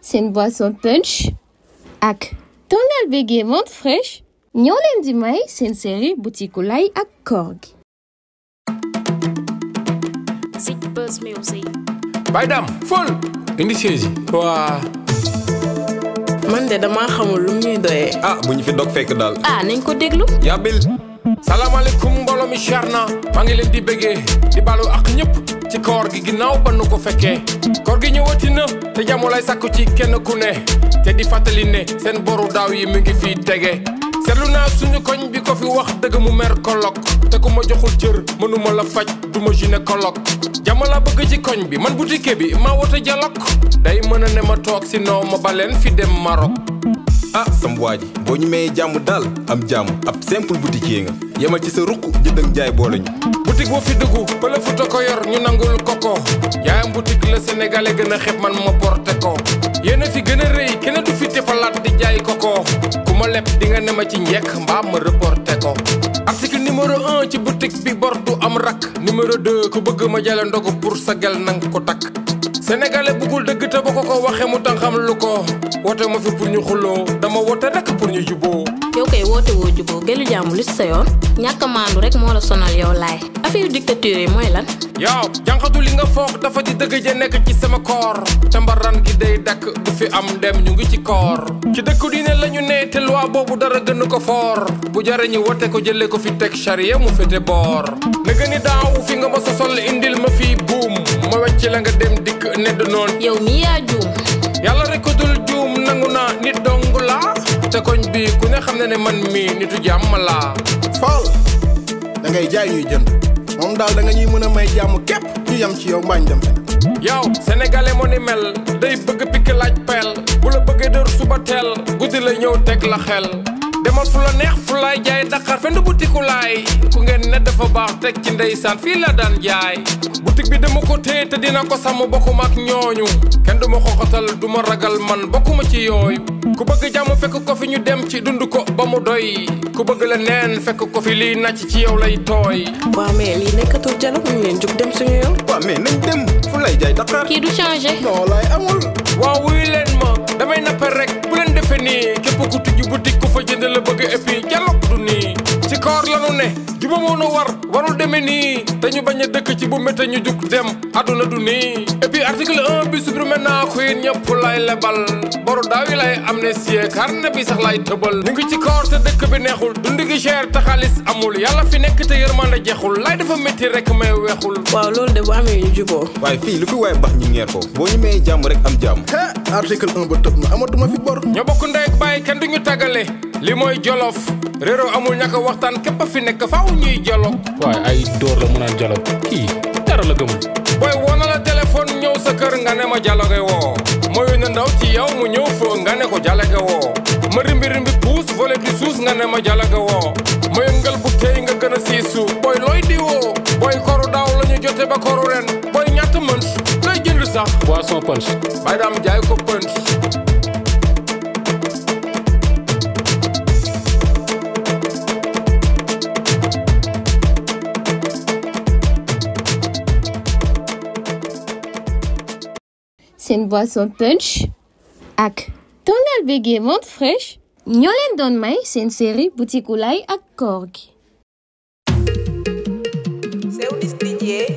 C'est une boisson punch ak tonal monte fraîche. Nous lundi mai c'est une série boutique lay ak Korg. Baydam fol indi siège wa man de dama xamul lu ñuy doye ah bu fi dog fekk dal ah nañ ko déglu yàbbil ya, salaamaaleykum mbooloo mi charna ma ngi leen di bëggee di balu ak ñëpp ci koor gi ginnaaw ba nu ko fekkee koor gi ñëwati na te jamu lay sakku ci kenn ku ne te di fatali ne seen boru daaw yi mi ngi fi tege seetlu naa suñu koñ bi ko fi wax dëgg mu mer kolok te ku ma joxul cër mënuma la faj du ma gynécologue jàmm laa bëgg ci koñ bi man boutique bi maa wote jalok day mën a ne ma toog si noo ma baleen fi dem Maroc ah sam waa ji boo ñu mayee jàmm daal am jàmm ab simple boutiquier nga yemal ci sa ruq jënd ak jaay boole ñu boutique boo fi dugg pële ko yor ñu nangul koko yaayam boutique la sénégalais gën a xeeb man ma porté ko yéen a fi gën a rëy kenn du fi tefalaat di jaay koko ku ma leb di nga ne ma ci njekk mbaa ma reporté ko article numéro un ci boutique bi bor du am rak numéro deux ku bëgg ma jale ndogu pour sa gel nang ko takk sénégalais bëggul dëgg te ba ko ko waxee mu tan xam lu ko wote ma fi pour ñu xuloo dama wote rek pour ñu juboo wote wo jubo gelu jamu lu sa yoon ñaka mandu rek mo la sonal yow lay affaire dictature moy lan yow jankatu li nga fokk dafa di deug je nek ci sama koor mbaran gi day dak du fi am dem ñu ngi ci koor ci dekk ne lañu ne te loi bobu dara gën ko for bu jare ñu wote ko jelle ko fi tek sharia mu fete bor na gëni daaw fi nga ma sol indil ma fi boom ma wacc la nga dem dik ne do non yow mi ya ju ca koñ ku ne xam na ne man mii nitu jàmm la faal da ngay jaay ñuy jënd moom daal da nga ñuy mën a may jàmm képp ñu yam ci yow mbaañ dem yow sénégalais moo ni mel day bëgg pikk laaj peel bu la bëggee dër suba teel guddi la ñëw teg la xel demal fu la neex fu laay jaay Dakar fenn butiku laay ku ngeen ne dafa baax teg ci ndeysaan fii la daan jaay boutique bi dama ko téye te dina ko sàmm bokkuma ak ñooñu kenn duma xoxatal duma ragal man bokkuma ci yooyu ku bëgg jàmm fekk ko fi ñu dem ci dund ko ba mu doy ku bëgg la neen fekk ko fi liy nàcc ci yow lay tooy. waaw mais lii nekkatul jalo ñu leen jug dem suñu yoon. waaw mais nañ dem fu lay jaay Dakar. kii du changé. non amul. waaw wuy leen ma damay nappe rek bu leen defee nii képp ku tijji boutique ku fa jënd la bëgg et puis du nii. ci koor lanu ne juba moonu war warul demee nii te ñu bañ a dëkk ci bu méttee ñu jug dem àdduna du nii et puis article turme naa ko it ñëpp lay lebal boru daaw yi lay amnistie carnet bi sax lay tëbal ñu ngi ci koor te dëkk bi neexul dund gi cher te xaalis amul yàlla fi nekk te yërmande jeexul lay dafa métti rek may weexul waaw loolu de bu amee ñu juboo waaye fii lu fi waaye bax ñu ngeer ko boo ñu mayee jàmm rek am jàmm article 1 ba tëb na amatuma fi bor ñoo bokk ndey bàyyi kenn duñu tàggale li mooy jolof réeroo amul ñàkk waxtaan képp a fi nekk faaw ñuy jolof la mën a jolof kii dara la gëmul ma dialogue woo mooy na ndaw ci yow mu ñëw foo nga ne a dialogue woo ma rimbi rimbi puus volet di suus nga ne ma dialogue woo ma yëngal bu tey nga gën a siisu booy looy di woo booy koru daaw la jote ba koru ren booy ñatt mën lay jënd sax boisson punch bay daam jaay ko c'est une boisson punch. Ak, ton albégué monte fraîche. nous Don Mai, une série boutique et de Korg. C'est un distinguée.